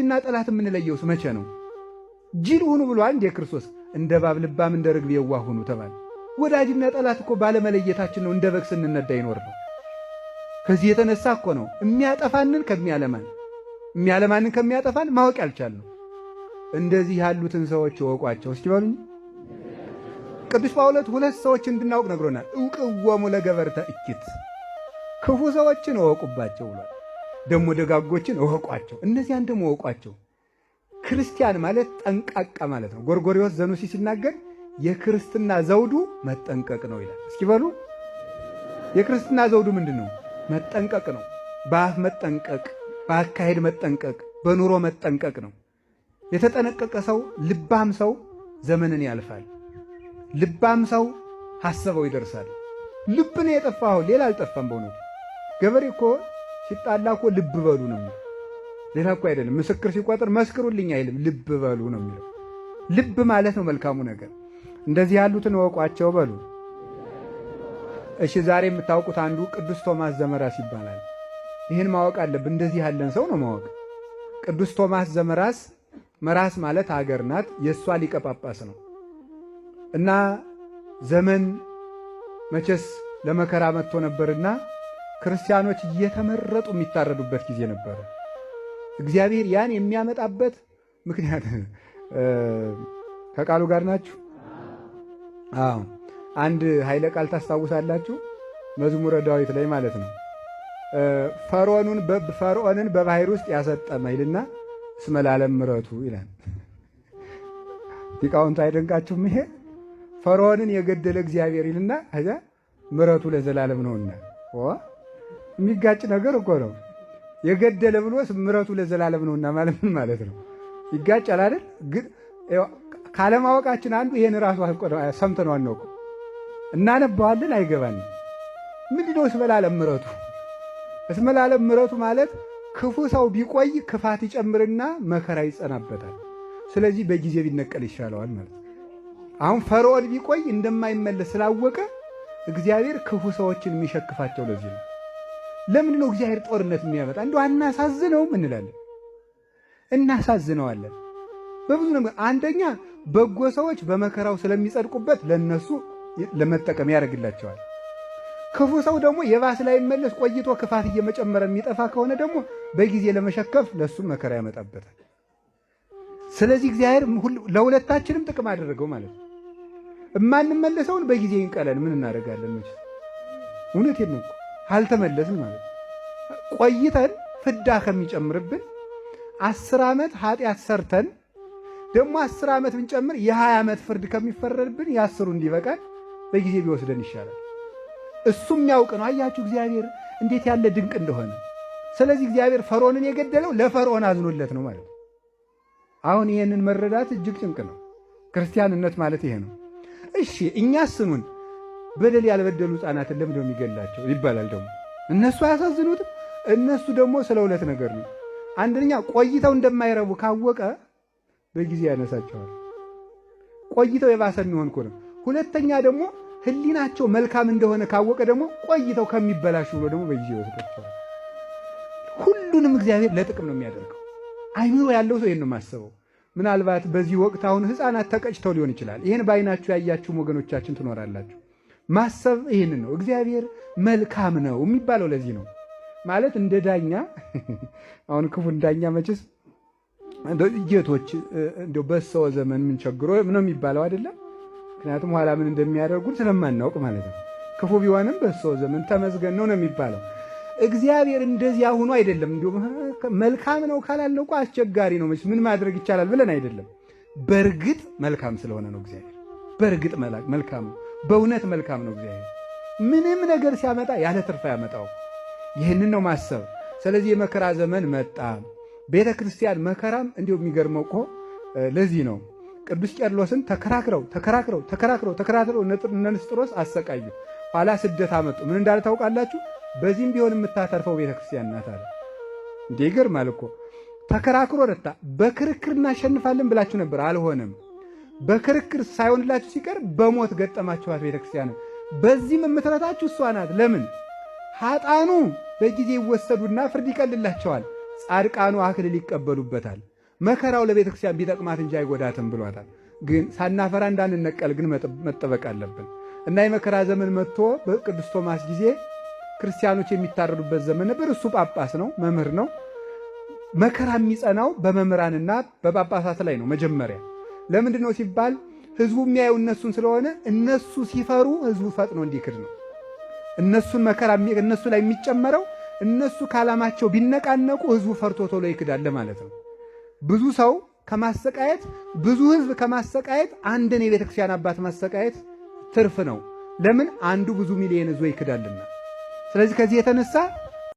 ወዳጅና ጠላት የምንለየውስ መቼ ነው? ጅል ሁኑ ብሏል እንዴ ክርስቶስ? እንደ እባብ ልባም እንደ ርግብ የዋህ ሁኑ ተባለ። ወዳጅና ጠላት እኮ ባለመለየታችን ነው እንደ በግ ስንነዳ ይኖር ነው። ከዚህ የተነሳ እኮ ነው የሚያጠፋንን ከሚያለማን የሚያለማንን ከሚያጠፋን ማወቅ ያልቻልነው። እንደዚህ ያሉትን ሰዎች እወቋቸው እስኪ በሉኝ። ቅዱስ ጳውሎስ ሁለት ሰዎች እንድናውቅ ነግሮናል። ዕውቅዎሙ ለገበርተ እኪት፣ ክፉ ሰዎችን እወቁባቸው ብሏል። ደግሞ ደጋጎችን እወቋቸው፣ እነዚያን ደግሞ እወቋቸው። ክርስቲያን ማለት ጠንቃቃ ማለት ነው። ጎርጎሪዎስ ዘኑሲ ሲናገር የክርስትና ዘውዱ መጠንቀቅ ነው ይላል። እስኪ በሉ የክርስትና ዘውዱ ምንድን ነው? መጠንቀቅ ነው። በአፍ መጠንቀቅ፣ በአካሄድ መጠንቀቅ፣ በኑሮ መጠንቀቅ ነው። የተጠነቀቀ ሰው ልባም ሰው ዘመንን ያልፋል። ልባም ሰው ሐሰበው ይደርሳል። ልብ ነው የጠፋው፣ ሌላ አልጠፋም። በሆነ ገበሬ እኮ ሲጣላ እኮ ልብ በሉ ነው የሚለው። ሌላ እኮ አይደለም። ምስክር ሲቆጥር መስክሩልኝ አይልም፣ ልብ በሉ ነው የሚለው። ልብ ማለት ነው መልካሙ ነገር። እንደዚህ ያሉትን እወቋቸው በሉ። እሺ፣ ዛሬ የምታውቁት አንዱ ቅዱስ ቶማስ ዘመራስ ይባላል። ይህን ማወቅ አለብን። እንደዚህ ያለን ሰው ነው ማወቅ። ቅዱስ ቶማስ ዘመራስ መራስ ማለት ሀገር ናት። የእሷ ሊቀ ጳጳስ ነው እና ዘመን መቼስ ለመከራ መጥቶ ነበርና ክርስቲያኖች እየተመረጡ የሚታረዱበት ጊዜ ነበረ። እግዚአብሔር ያን የሚያመጣበት ምክንያት ከቃሉ ጋር ናችሁ። አዎ አንድ ኃይለ ቃል ታስታውሳላችሁ። መዝሙረ ዳዊት ላይ ማለት ነው። ፈርዖንን በባህር ውስጥ ያሰጠመ ይልና እስመ ለዓለም ምሕረቱ ይላል። ሊቃውንቱ አይደንቃችሁም? ይሄ ፈርዖንን የገደለ እግዚአብሔር ይልና ከዚያ ምሕረቱ ለዘላለም ነውና የሚጋጭ ነገር እኮ ነው። የገደለ ብሎ ምረቱ ለዘላለም ነውና ማለምን ማለት ነው? ይጋጫል አይደል? ግን ካለማወቃችን አንዱ ይሄን ራሱ ሰምተን አናውቅ። እናነባዋለን፣ አይገባንም። ምንድን እስመላለም ምረቱ? እስመላለም ምረቱ ማለት ክፉ ሰው ቢቆይ ክፋት ይጨምርና መከራ ይጸናበታል። ስለዚህ በጊዜ ቢነቀል ይሻለዋል ማለት ነው። አሁን ፈርዖን ቢቆይ እንደማይመለስ ስላወቀ እግዚአብሔር ክፉ ሰዎችን የሚሸክፋቸው ለዚህ ነው። ለምንድን ነው እግዚአብሔር ጦርነት የሚያመጣ? እንዲሁ አናሳዝነውም እንላለን። እናሳዝነዋለን በብዙ ነገር። አንደኛ በጎ ሰዎች በመከራው ስለሚጸድቁበት ለነሱ ለመጠቀም ያደርግላቸዋል። ክፉ ሰው ደግሞ የባስ ላይ መለስ ቆይቶ ክፋት እየመጨመረ የሚጠፋ ከሆነ ደግሞ በጊዜ ለመሸከፍ ለሱ መከራ ያመጣበታል። ስለዚህ እግዚአብሔር ለሁለታችንም ጥቅም አደረገው ማለት ነው። እማንመለሰውን በጊዜ ይንቀለን። ምን እናደርጋለን? እውነት ነው። አልተመለስን ማለት ቆይተን ፍዳ ከሚጨምርብን አስር ዓመት ኃጢአት ሰርተን ደግሞ አስር ዓመት ብንጨምር የሀያ ዓመት ፍርድ ከሚፈረድብን የአስሩ እንዲበቃን በጊዜ ቢወስደን ይሻላል። እሱም የሚያውቅ ነው። አያችሁ እግዚአብሔር እንዴት ያለ ድንቅ እንደሆነ። ስለዚህ እግዚአብሔር ፈርዖንን የገደለው ለፈርዖን አዝኖለት ነው ማለት ነው። አሁን ይህንን መረዳት እጅግ ጭንቅ ነው። ክርስቲያንነት ማለት ይሄ ነው። እሺ እኛ ስኑን በደል ያልበደሉ ሕፃናትን ለምደው የሚገላቸው ይባላል። ደግሞ እነሱ አያሳዝኑትም? እነሱ ደግሞ ስለ ሁለት ነገር ነው። አንደኛ ቆይተው እንደማይረቡ ካወቀ በጊዜ ያነሳቸዋል። ቆይተው የባሰ የሚሆን እኮ ነው። ሁለተኛ ደግሞ ህሊናቸው መልካም እንደሆነ ካወቀ ደግሞ ቆይተው ከሚበላሹ ብሎ ደግሞ በጊዜ ይወስዳቸዋል። ሁሉንም እግዚአብሔር ለጥቅም ነው የሚያደርገው። አይምሮ ያለው ሰው ይህን ነው የማስበው። ምናልባት በዚህ ወቅት አሁን ህፃናት ተቀጭተው ሊሆን ይችላል። ይህን በአይናችሁ ያያችሁም ወገኖቻችን ትኖራላችሁ። ማሰብ ይህን ነው። እግዚአብሔር መልካም ነው የሚባለው ለዚህ ነው። ማለት እንደ ዳኛ አሁን ክፉ ዳኛ መችስ ጌቶች እንደው በሰው ዘመን ምን ቸግሮ ነው የሚባለው አይደለም። ምክንያቱም ኋላ ምን እንደሚያደርጉን ስለማናውቅ ማለት ነው። ክፉ ቢሆንም በሰው ዘመን ተመዝገን ነው ነው የሚባለው። እግዚአብሔር እንደዚህ አሁኑ አይደለም። እንዲሁ መልካም ነው ካላለቁ እኮ አስቸጋሪ ነው። ምን ማድረግ ይቻላል ብለን አይደለም። በእርግጥ መልካም ስለሆነ ነው እግዚአብሔር በእርግጥ መልካም ነው። በእውነት መልካም ነው እግዚአብሔር። ምንም ነገር ሲያመጣ ያለ ትርፍ ያመጣው። ይህንን ነው ማሰብ። ስለዚህ የመከራ ዘመን መጣ። ቤተ ክርስቲያን መከራም እንዲሁ የሚገርመው እኮ ለዚህ ነው ቅዱስ ቄርሎስን ተከራክረው ተከራክረው ተከራክረው ተከራክረው እነ አሰቃዩ። ኋላ ስደት አመጡ። ምን እንዳለ ታውቃላችሁ? በዚህም ቢሆን የምታተርፈው ቤተ ክርስቲያን ናት አለ። እንዴ ይገርማል እኮ ተከራክሮ ረታ። በክርክር እናሸንፋለን ብላችሁ ነበር፣ አልሆነም። በክርክር ሳይሆንላችሁ ሲቀር በሞት ገጠማችኋት ቤተክርስቲያን። በዚህም የምትረታችሁ እሷ ናት። ለምን ኃጣኑ በጊዜ ይወሰዱና ፍርድ ይቀልላቸዋል፣ ጻድቃኑ አክልል ይቀበሉበታል። መከራው ለቤተ ክርስቲያን ቢጠቅማት እንጂ አይጎዳትም ብሏታል። ግን ሳናፈራ እንዳንነቀል ግን መጠበቅ አለብን እና የመከራ ዘመን መጥቶ በቅዱስ ቶማስ ጊዜ ክርስቲያኖች የሚታረዱበት ዘመን ነበር። እሱ ጳጳስ ነው፣ መምህር ነው። መከራ የሚጸናው በመምህራንና በጳጳሳት ላይ ነው መጀመሪያ ለምንድን ነው ሲባል ህዝቡ የሚያየው እነሱን ስለሆነ እነሱ ሲፈሩ ህዝቡ ፈጥኖ እንዲክድ ነው። እነሱን መከራ እነሱ ላይ የሚጨመረው እነሱ ከዓላማቸው ቢነቃነቁ ህዝቡ ፈርቶ ቶሎ ይክዳል ማለት ነው። ብዙ ሰው ከማሰቃየት ብዙ ህዝብ ከማሰቃየት አንድን የቤተ ክርስቲያን አባት ማሰቃየት ትርፍ ነው። ለምን? አንዱ ብዙ ሚሊዮን ህዝቦ ይክዳልና። ስለዚህ ከዚህ የተነሳ